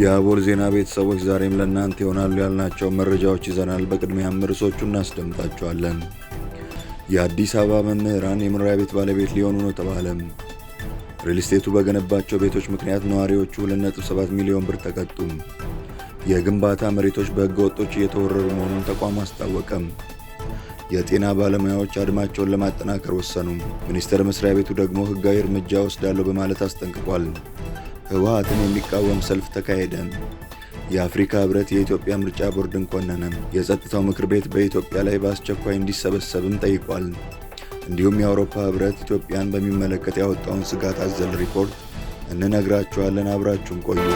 የአቦል ዜና ቤተሰቦች ዛሬም ለእናንተ ይሆናሉ ያልናቸው መረጃዎች ይዘናል። በቅድሚያም ርዕሶቹ እናስደምጣቸዋለን። የአዲስ አበባ መምህራን የመኖሪያ ቤት ባለቤት ሊሆኑ ነው ተባለም። ሪል ስቴቱ በገነባቸው ቤቶች ምክንያት ነዋሪዎቹ 2.7 ሚሊዮን ብር ተቀጡም። የግንባታ መሬቶች በሕገ ወጦች እየተወረሩ መሆኑን ተቋሙ አስታወቀም። የጤና ባለሙያዎች አድማቸውን ለማጠናከር ወሰኑ። ሚኒስቴር መስሪያ ቤቱ ደግሞ ሕጋዊ እርምጃ ወስዳለሁ በማለት አስጠንቅቋል። ህወሓትን የሚቃወም ሰልፍ ተካሄደ። የአፍሪካ ህብረት የኢትዮጵያ ምርጫ ቦርድን ኮነነ። የጸጥታው ምክር ቤት በኢትዮጵያ ላይ በአስቸኳይ እንዲሰበሰብም ጠይቋል። እንዲሁም የአውሮፓ ህብረት ኢትዮጵያን በሚመለከት ያወጣውን ስጋት አዘል ሪፖርት እንነግራችኋለን። አብራችሁን ቆዩ።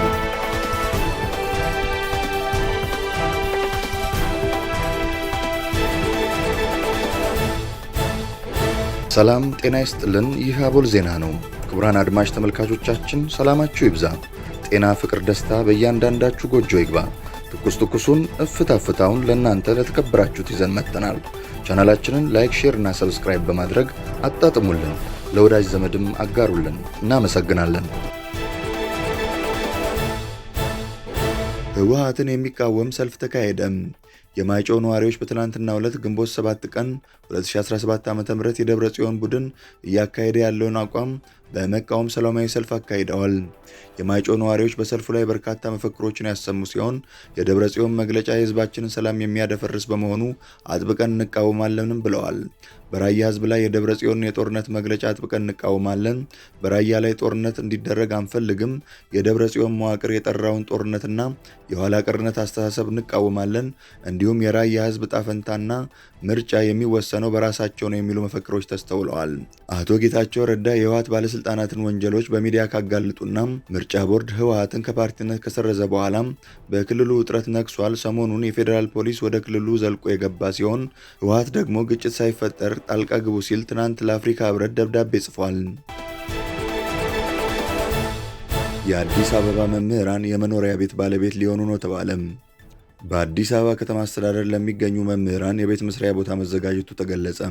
ሰላም ጤና ይስጥልን። ይህ አቦል ዜና ነው። ክቡራን አድማጭ ተመልካቾቻችን ሰላማችሁ ይብዛ፣ ጤና፣ ፍቅር፣ ደስታ በእያንዳንዳችሁ ጎጆ ይግባ። ትኩስ ትኩሱን እፍታ ፍታውን ለእናንተ ለተከበራችሁት ይዘን መጥተናል። ቻናላችንን ላይክ፣ ሼር እና ሰብስክራይብ በማድረግ አጣጥሙልን፣ ለወዳጅ ዘመድም አጋሩልን። እናመሰግናለን። ህወሓትን የሚቃወም ሰልፍ ተካሄደም። የማይጨው ነዋሪዎች በትናንትናው ዕለት ግንቦት 7 ቀን 2017 ዓ.ም የደብረ ጽዮን ቡድን እያካሄደ ያለውን አቋም በመቃወም ሰላማዊ ሰልፍ አካሂደዋል። የማይጮ ነዋሪዎች በሰልፉ ላይ በርካታ መፈክሮችን ያሰሙ ሲሆን የደብረ ጽዮን መግለጫ የህዝባችንን ሰላም የሚያደፈርስ በመሆኑ አጥብቀን እንቃወማለንም ብለዋል። በራያ ህዝብ ላይ የደብረ ጽዮን የጦርነት መግለጫ አጥብቀን እንቃወማለን። በራያ ላይ ጦርነት እንዲደረግ አንፈልግም። የደብረ ጽዮን መዋቅር የጠራውን ጦርነትና የኋላ ቅርነት አስተሳሰብ እንቃወማለን። እንዲሁም የራያ ህዝብ ጣፈንታና ምርጫ የሚወሰነው በራሳቸው ነው የሚሉ መፈክሮች ተስተውለዋል። አቶ ጌታቸው ረዳ የህወሓት ባለስ ባለስልጣናትን ወንጀሎች በሚዲያ ካጋልጡና ምርጫ ቦርድ ህወሀትን ከፓርቲነት ከሰረዘ በኋላ በክልሉ ውጥረት ነግሷል። ሰሞኑን የፌዴራል ፖሊስ ወደ ክልሉ ዘልቆ የገባ ሲሆን ህወሀት ደግሞ ግጭት ሳይፈጠር ጣልቃ ግቡ ሲል ትናንት ለአፍሪካ ህብረት ደብዳቤ ጽፏል። የአዲስ አበባ መምህራን የመኖሪያ ቤት ባለቤት ሊሆኑ ነው ተባለም። በአዲስ አበባ ከተማ አስተዳደር ለሚገኙ መምህራን የቤት መስሪያ ቦታ መዘጋጀቱ ተገለጸ።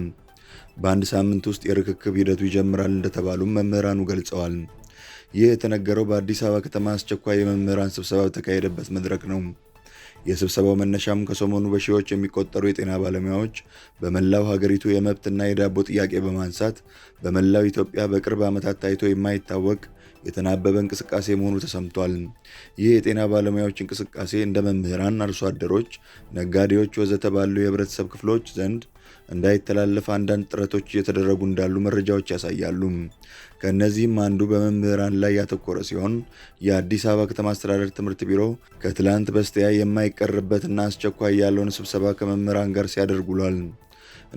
በአንድ ሳምንት ውስጥ የርክክብ ሂደቱ ይጀምራል እንደተባሉም መምህራኑ ገልጸዋል። ይህ የተነገረው በአዲስ አበባ ከተማ አስቸኳይ የመምህራን ስብሰባ በተካሄደበት መድረክ ነው። የስብሰባው መነሻም ከሰሞኑ በሺዎች የሚቆጠሩ የጤና ባለሙያዎች በመላው ሀገሪቱ የመብትና የዳቦ ጥያቄ በማንሳት በመላው ኢትዮጵያ በቅርብ ዓመታት ታይቶ የማይታወቅ የተናበበ እንቅስቃሴ መሆኑ ተሰምቷል። ይህ የጤና ባለሙያዎች እንቅስቃሴ እንደ መምህራን፣ አርሶ አደሮች፣ ነጋዴዎች ወዘተ ባሉ የህብረተሰብ ክፍሎች ዘንድ እንዳይተላለፍ አንዳንድ ጥረቶች እየተደረጉ እንዳሉ መረጃዎች ያሳያሉ። ከእነዚህም አንዱ በመምህራን ላይ ያተኮረ ሲሆን የአዲስ አበባ ከተማ አስተዳደር ትምህርት ቢሮ ከትላንት በስቲያ የማይቀርበትና አስቸኳይ ያለውን ስብሰባ ከመምህራን ጋር ሲያደርግ ውሏል።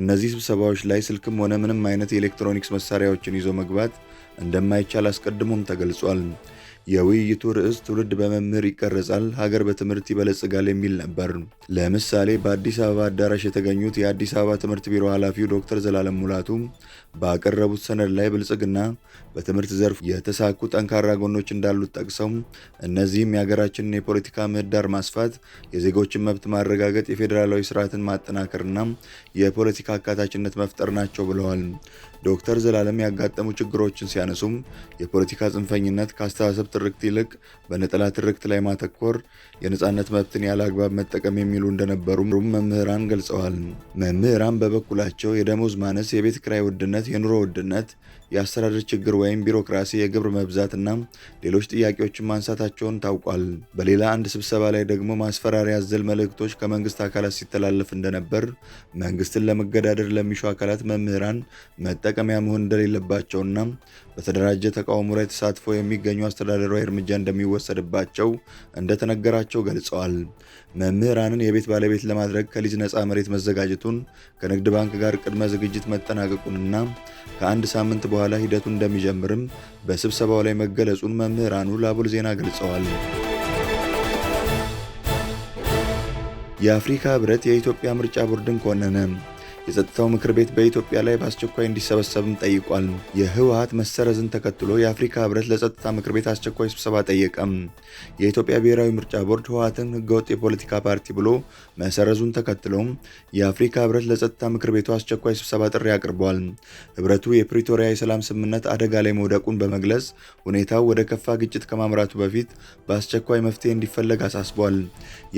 እነዚህ ስብሰባዎች ላይ ስልክም ሆነ ምንም አይነት የኤሌክትሮኒክስ መሳሪያዎችን ይዞ መግባት እንደማይቻል አስቀድሞም ተገልጿል። የውይይቱ ርዕስ ትውልድ በመምህር ይቀረጻል፣ ሀገር በትምህርት ይበለጽጋል የሚል ነበር። ለምሳሌ በአዲስ አበባ አዳራሽ የተገኙት የአዲስ አበባ ትምህርት ቢሮ ኃላፊው ዶክተር ዘላለም ሙላቱ ባቀረቡት ሰነድ ላይ ብልጽግና በትምህርት ዘርፍ የተሳኩ ጠንካራ ጎኖች እንዳሉት ጠቅሰው እነዚህም የሀገራችንን የፖለቲካ ምህዳር ማስፋት፣ የዜጎችን መብት ማረጋገጥ፣ የፌዴራላዊ ስርዓትን ማጠናከርና የፖለቲካ አካታችነት መፍጠር ናቸው ብለዋል። ዶክተር ዘላለም ያጋጠሙ ችግሮችን ሲያነሱም የፖለቲካ ጽንፈኝነት ከአስተሳሰብ ትርክት ይልቅ በነጠላ ትርክት ላይ ማተኮር፣ የነፃነት መብትን ያለ አግባብ መጠቀም የሚሉ እንደነበሩም መምህራን ገልጸዋል። መምህራን በበኩላቸው የደሞዝ ማነስ፣ የቤት ክራይ ውድነት፣ የኑሮ ውድነት የአስተዳደር ችግር ወይም ቢሮክራሲ፣ የግብር መብዛትና ሌሎች ጥያቄዎችን ማንሳታቸውን ታውቋል። በሌላ አንድ ስብሰባ ላይ ደግሞ ማስፈራሪያ አዘል መልእክቶች ከመንግስት አካላት ሲተላለፍ እንደነበር፣ መንግስትን ለመገዳደር ለሚሹ አካላት መምህራን መጠቀሚያ መሆን እንደሌለባቸውና በተደራጀ ተቃውሞ ላይ ተሳትፎ የሚገኙ አስተዳደራዊ እርምጃ እንደሚወሰድባቸው እንደተነገራቸው ገልጸዋል። መምህራንን የቤት ባለቤት ለማድረግ ከሊዝ ነፃ መሬት መዘጋጀቱን ከንግድ ባንክ ጋር ቅድመ ዝግጅት መጠናቀቁንና ከአንድ ሳምንት በ በኋላ ሂደቱ እንደሚጀምርም በስብሰባው ላይ መገለጹን መምህራኑ ለአቦል ዜና ገልጸዋል። የአፍሪካ ህብረት የኢትዮጵያ ምርጫ ቦርድን ኮነነ። የጸጥታው ምክር ቤት በኢትዮጵያ ላይ በአስቸኳይ እንዲሰበሰብም ጠይቋል። የህወሀት መሰረዝን ተከትሎ የአፍሪካ ህብረት ለጸጥታ ምክር ቤት አስቸኳይ ስብሰባ ጠየቀም። የኢትዮጵያ ብሔራዊ ምርጫ ቦርድ ህወሀትን ህገወጥ የፖለቲካ ፓርቲ ብሎ መሰረዙን ተከትሎም የአፍሪካ ህብረት ለጸጥታ ምክር ቤቱ አስቸኳይ ስብሰባ ጥሪ አቅርቧል። ህብረቱ የፕሪቶሪያ የሰላም ስምምነት አደጋ ላይ መውደቁን በመግለጽ ሁኔታው ወደ ከፋ ግጭት ከማምራቱ በፊት በአስቸኳይ መፍትሄ እንዲፈለግ አሳስቧል።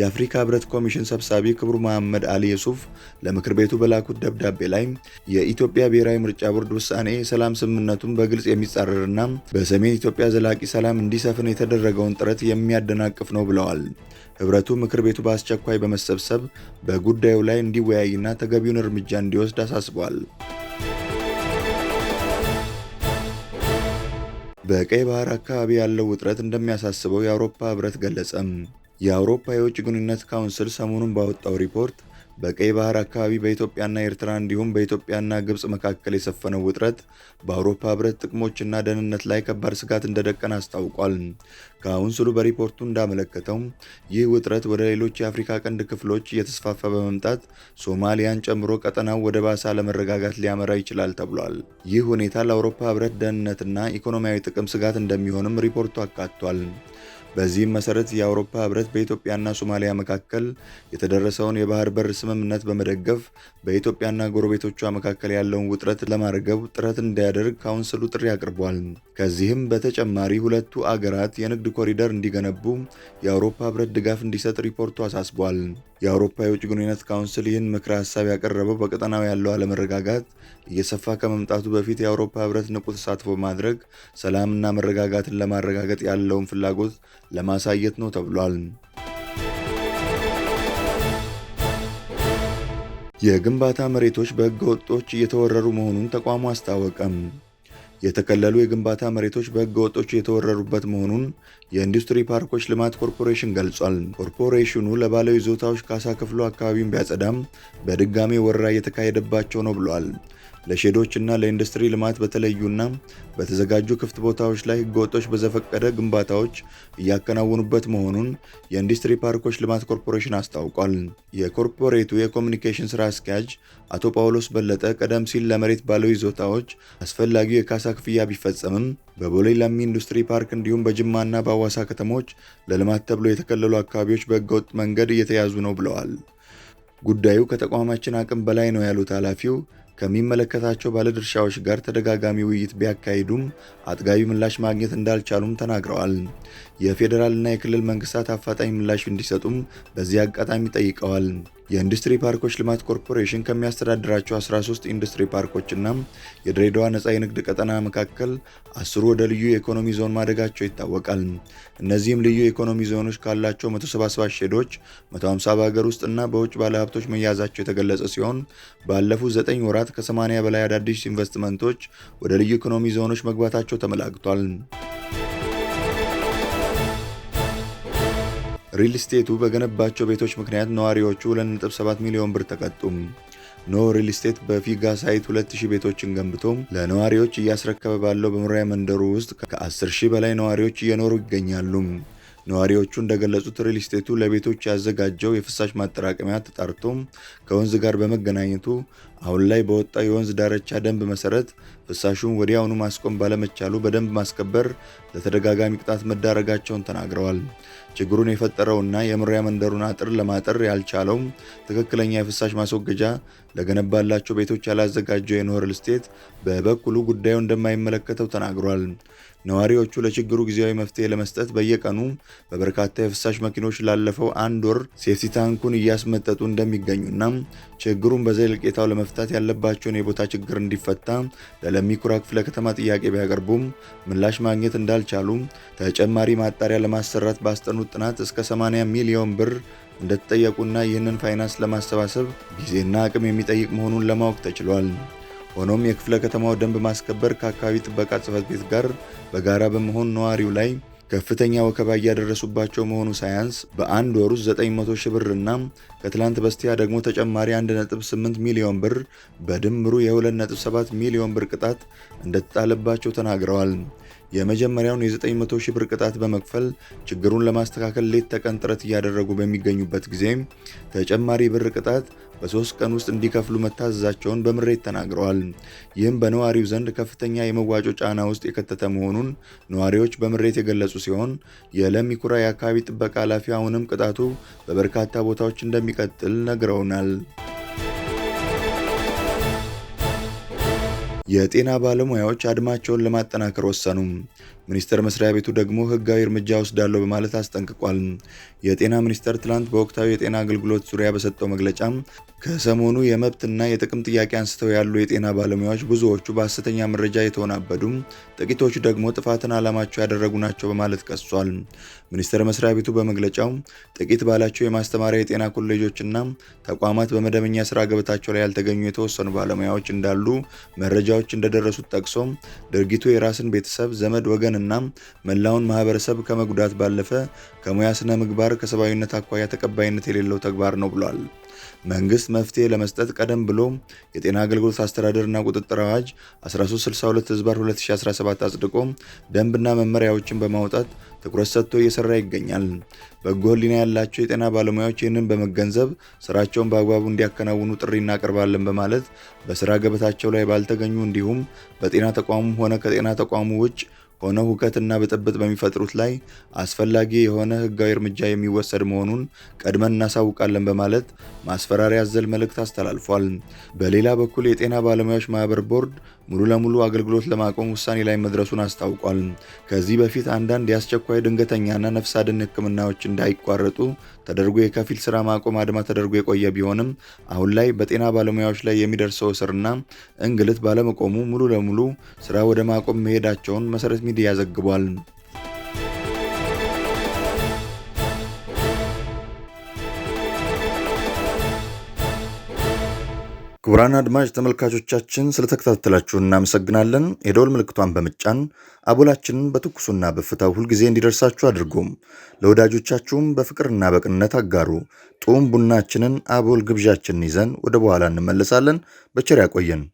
የአፍሪካ ህብረት ኮሚሽን ሰብሳቢ ክቡር መሐመድ አሊ የሱፍ ለምክር ቤቱ በላኩት ደብዳቤ ላይ የኢትዮጵያ ብሔራዊ ምርጫ ቦርድ ውሳኔ የሰላም ስምምነቱን በግልጽ የሚጻረርና በሰሜን ኢትዮጵያ ዘላቂ ሰላም እንዲሰፍን የተደረገውን ጥረት የሚያደናቅፍ ነው ብለዋል። ህብረቱ ምክር ቤቱ በአስቸኳይ በመሰብሰብ በጉዳዩ ላይ እንዲወያይና ተገቢውን እርምጃ እንዲወስድ አሳስቧል። በቀይ ባህር አካባቢ ያለው ውጥረት እንደሚያሳስበው የአውሮፓ ህብረት ገለጸም። የአውሮፓ የውጭ ግንኙነት ካውንስል ሰሞኑን ባወጣው ሪፖርት በቀይ ባህር አካባቢ በኢትዮጵያና ኤርትራ እንዲሁም በኢትዮጵያና ግብፅ መካከል የሰፈነው ውጥረት በአውሮፓ ህብረት ጥቅሞችና ደህንነት ላይ ከባድ ስጋት እንደደቀን አስታውቋል። ካውንስሉ በሪፖርቱ እንዳመለከተው ይህ ውጥረት ወደ ሌሎች የአፍሪካ ቀንድ ክፍሎች እየተስፋፋ በመምጣት ሶማሊያን ጨምሮ ቀጠናው ወደ ባሰ አለመረጋጋት ሊያመራ ይችላል ተብሏል። ይህ ሁኔታ ለአውሮፓ ህብረት ደህንነትና ኢኮኖሚያዊ ጥቅም ስጋት እንደሚሆንም ሪፖርቱ አካቷል። በዚህም መሰረት የአውሮፓ ህብረት በኢትዮጵያና ሶማሊያ መካከል የተደረሰውን የባህር በር ስምምነት በመደገፍ በኢትዮጵያና ጎረቤቶቿ መካከል ያለውን ውጥረት ለማርገብ ጥረት እንዲያደርግ ካውንስሉ ጥሪ አቅርቧል። ከዚህም በተጨማሪ ሁለቱ አገራት የንግድ ኮሪደር እንዲገነቡ የአውሮፓ ህብረት ድጋፍ እንዲሰጥ ሪፖርቱ አሳስቧል። የአውሮፓ የውጭ ግንኙነት ካውንስል ይህን ምክረ ሀሳብ ያቀረበው በቀጠናው ያለው አለመረጋጋት እየሰፋ ከመምጣቱ በፊት የአውሮፓ ህብረት ንቁ ተሳትፎ ማድረግ ሰላምና መረጋጋትን ለማረጋገጥ ያለውን ፍላጎት ለማሳየት ነው ተብሏል። የግንባታ መሬቶች በህገ ወጦች እየተወረሩ መሆኑን ተቋሙ አስታወቀም። የተከለሉ የግንባታ መሬቶች በህገ ወጦች የተወረሩበት መሆኑን የኢንዱስትሪ ፓርኮች ልማት ኮርፖሬሽን ገልጿል። ኮርፖሬሽኑ ለባለ ይዞታዎች ካሳ ከፍሎ አካባቢውን ቢያጸዳም በድጋሚ ወረራ እየተካሄደባቸው ነው ብሏል። ለሼዶችና እና ለኢንዱስትሪ ልማት በተለዩና በተዘጋጁ ክፍት ቦታዎች ላይ ህገወጦች በዘፈቀደ ግንባታዎች እያከናወኑበት መሆኑን የኢንዱስትሪ ፓርኮች ልማት ኮርፖሬሽን አስታውቋል። የኮርፖሬቱ የኮሚኒኬሽን ስራ አስኪያጅ አቶ ጳውሎስ በለጠ ቀደም ሲል ለመሬት ባለው ይዞታዎች አስፈላጊው የካሳ ክፍያ ቢፈጸምም በቦሌ ለሚ ኢንዱስትሪ ፓርክ እንዲሁም በጅማና በአዋሳ ከተሞች ለልማት ተብሎ የተከለሉ አካባቢዎች በህገወጥ መንገድ እየተያዙ ነው ብለዋል። ጉዳዩ ከተቋማችን አቅም በላይ ነው ያሉት ኃላፊው ከሚመለከታቸው ባለድርሻዎች ጋር ተደጋጋሚ ውይይት ቢያካሂዱም አጥጋቢ ምላሽ ማግኘት እንዳልቻሉም ተናግረዋል። የፌዴራልና የክልል መንግስታት አፋጣኝ ምላሽ እንዲሰጡም በዚህ አጋጣሚ ጠይቀዋል። የኢንዱስትሪ ፓርኮች ልማት ኮርፖሬሽን ከሚያስተዳድራቸው 13 ኢንዱስትሪ ፓርኮችና የድሬዳዋ ነጻ የንግድ ቀጠና መካከል አስሩ ወደ ልዩ የኢኮኖሚ ዞን ማደጋቸው ይታወቃል። እነዚህም ልዩ የኢኮኖሚ ዞኖች ካላቸው 177 ሼዶች 150 በሀገር ውስጥና በውጭ ባለሀብቶች መያዛቸው የተገለጸ ሲሆን ባለፉት 9 ወራት ሀገራት ከ80 በላይ አዳዲስ ኢንቨስትመንቶች ወደ ልዩ ኢኮኖሚ ዞኖች መግባታቸው ተመላክቷል። ሪል ስቴቱ በገነባቸው ቤቶች ምክንያት ነዋሪዎቹ 2.7 ሚሊዮን ብር ተቀጡም። ኖ ሪል ስቴት በፊጋ ሳይት 2000 ቤቶችን ገንብቶ ለነዋሪዎች እያስረከበ ባለው በመኖሪያ መንደሩ ውስጥ ከ10 ሺህ በላይ ነዋሪዎች እየኖሩ ይገኛሉ። ነዋሪዎቹ እንደገለጹት ሪል ስቴቱ ለቤቶች ያዘጋጀው የፍሳሽ ማጠራቀሚያ ተጣርቶ ከወንዝ ጋር በመገናኘቱ አሁን ላይ በወጣው የወንዝ ዳርቻ ደንብ መሰረት ፍሳሹን ወዲያውኑ ማስቆም ባለመቻሉ በደንብ ማስከበር ለተደጋጋሚ ቅጣት መዳረጋቸውን ተናግረዋል። ችግሩን የፈጠረውና የመኖሪያ መንደሩን አጥር ለማጠር ያልቻለው ትክክለኛ የፍሳሽ ማስወገጃ ለገነባላቸው ቤቶች ያላዘጋጀው የኖር ስቴት በበኩሉ ጉዳዩ እንደማይመለከተው ተናግሯል። ነዋሪዎቹ ለችግሩ ጊዜያዊ መፍትሄ ለመስጠት በየቀኑ በበርካታ የፍሳሽ መኪኖች ላለፈው አንድ ወር ሴፍቲ ታንኩን እያስመጠጡ እንደሚገኙና ችግሩን በዘለቄታው ለመፍ መፍታት ያለባቸውን የቦታ ችግር እንዲፈታ ለለሚ ኩራ ክፍለ ከተማ ጥያቄ ቢያቀርቡም ምላሽ ማግኘት እንዳልቻሉ ተጨማሪ ማጣሪያ ለማሰራት ባስጠኑት ጥናት እስከ 80 ሚሊዮን ብር እንደተጠየቁና ይህንን ፋይናንስ ለማሰባሰብ ጊዜና አቅም የሚጠይቅ መሆኑን ለማወቅ ተችሏል። ሆኖም የክፍለ ከተማው ደንብ ማስከበር ከአካባቢ ጥበቃ ጽሕፈት ቤት ጋር በጋራ በመሆን ነዋሪው ላይ ከፍተኛ ወከባ እያደረሱባቸው መሆኑ ሳያንስ በአንድ ወር ውስጥ 900 ሺህ ብር እና ከትላንት በስቲያ ደግሞ ተጨማሪ 1.8 ሚሊዮን ብር በድምሩ የ2.7 ሚሊዮን ብር ቅጣት እንደተጣለባቸው ተናግረዋል። የመጀመሪያውን የ900 ሺህ ብር ቅጣት በመክፈል ችግሩን ለማስተካከል ሌት ተቀን ጥረት እያደረጉ በሚገኙበት ጊዜ ተጨማሪ ብር ቅጣት በሶስት ቀን ውስጥ እንዲከፍሉ መታዘዛቸውን በምሬት ተናግረዋል። ይህም በነዋሪው ዘንድ ከፍተኛ የመዋጮ ጫና ውስጥ የከተተ መሆኑን ነዋሪዎች በምሬት የገለጹ ሲሆን የለሚ ኩራ የአካባቢ ጥበቃ ኃላፊ አሁንም ቅጣቱ በበርካታ ቦታዎች እንደሚቀጥል ነግረውናል። የጤና ባለሙያዎች አድማቸውን ለማጠናከር ወሰኑ። ሚኒስቴር መስሪያ ቤቱ ደግሞ ህጋዊ እርምጃ ወስዳለሁ በማለት አስጠንቅቋል። የጤና ሚኒስቴር ትላንት በወቅታዊ የጤና አገልግሎት ዙሪያ በሰጠው መግለጫ ከሰሞኑ የመብትና የጥቅም ጥያቄ አንስተው ያሉ የጤና ባለሙያዎች ብዙዎቹ በሐሰተኛ መረጃ የተወናበዱም፣ ጥቂቶቹ ደግሞ ጥፋትን ዓላማቸው ያደረጉ ናቸው በማለት ቀሷል። ሚኒስቴር መስሪያ ቤቱ በመግለጫው ጥቂት ባላቸው የማስተማሪያ የጤና ኮሌጆችና ተቋማት በመደበኛ ስራ ገበታቸው ላይ ያልተገኙ የተወሰኑ ባለሙያዎች እንዳሉ መረጃዎች እንደደረሱት ጠቅሶ ድርጊቱ የራስን ቤተሰብ፣ ዘመድ፣ ወገን ማዳንና መላውን ማህበረሰብ ከመጉዳት ባለፈ ከሙያ ስነ ምግባር ከሰብአዊነት አኳያ ተቀባይነት የሌለው ተግባር ነው ብሏል። መንግስት መፍትሄ ለመስጠት ቀደም ብሎ የጤና አገልግሎት አስተዳደርና ቁጥጥር አዋጅ 1362 ህዝባር 2017 አጽድቆ ደንብና መመሪያዎችን በማውጣት ትኩረት ሰጥቶ እየሰራ ይገኛል። በጎ ህሊና ያላቸው የጤና ባለሙያዎች ይህንን በመገንዘብ ስራቸውን በአግባቡ እንዲያከናውኑ ጥሪ እናቀርባለን በማለት በስራ ገበታቸው ላይ ባልተገኙ እንዲሁም በጤና ተቋሙም ሆነ ከጤና ተቋሙ ውጭ ሆነው ሁከትና ብጥብጥ በሚፈጥሩት ላይ አስፈላጊ የሆነ ህጋዊ እርምጃ የሚወሰድ መሆኑን ቀድመን እናሳውቃለን በማለት ማስፈራሪያ አዘል መልእክት አስተላልፏል። በሌላ በኩል የጤና ባለሙያዎች ማህበር ቦርድ ሙሉ ለሙሉ አገልግሎት ለማቆም ውሳኔ ላይ መድረሱን አስታውቋል። ከዚህ በፊት አንዳንድ የአስቸኳይ ድንገተኛና ነፍስ አድን ሕክምናዎች እንዳይቋረጡ ተደርጎ የከፊል ስራ ማቆም አድማ ተደርጎ የቆየ ቢሆንም አሁን ላይ በጤና ባለሙያዎች ላይ የሚደርሰው እስርና እንግልት ባለመቆሙ ሙሉ ለሙሉ ስራ ወደ ማቆም መሄዳቸውን መሰረት ሚዲያ ዘግቧል። ክቡራን አድማጭ ተመልካቾቻችን ስለተከታተላችሁ እናመሰግናለን። የደወል ምልክቷን በምጫን አቦላችንን በትኩሱና በፍታው ሁልጊዜ እንዲደርሳችሁ አድርጉም። ለወዳጆቻችሁም በፍቅርና በቅንነት አጋሩ። ጡም ቡናችንን አቦል ግብዣችንን ይዘን ወደ በኋላ እንመለሳለን። በቸር ያቆየን።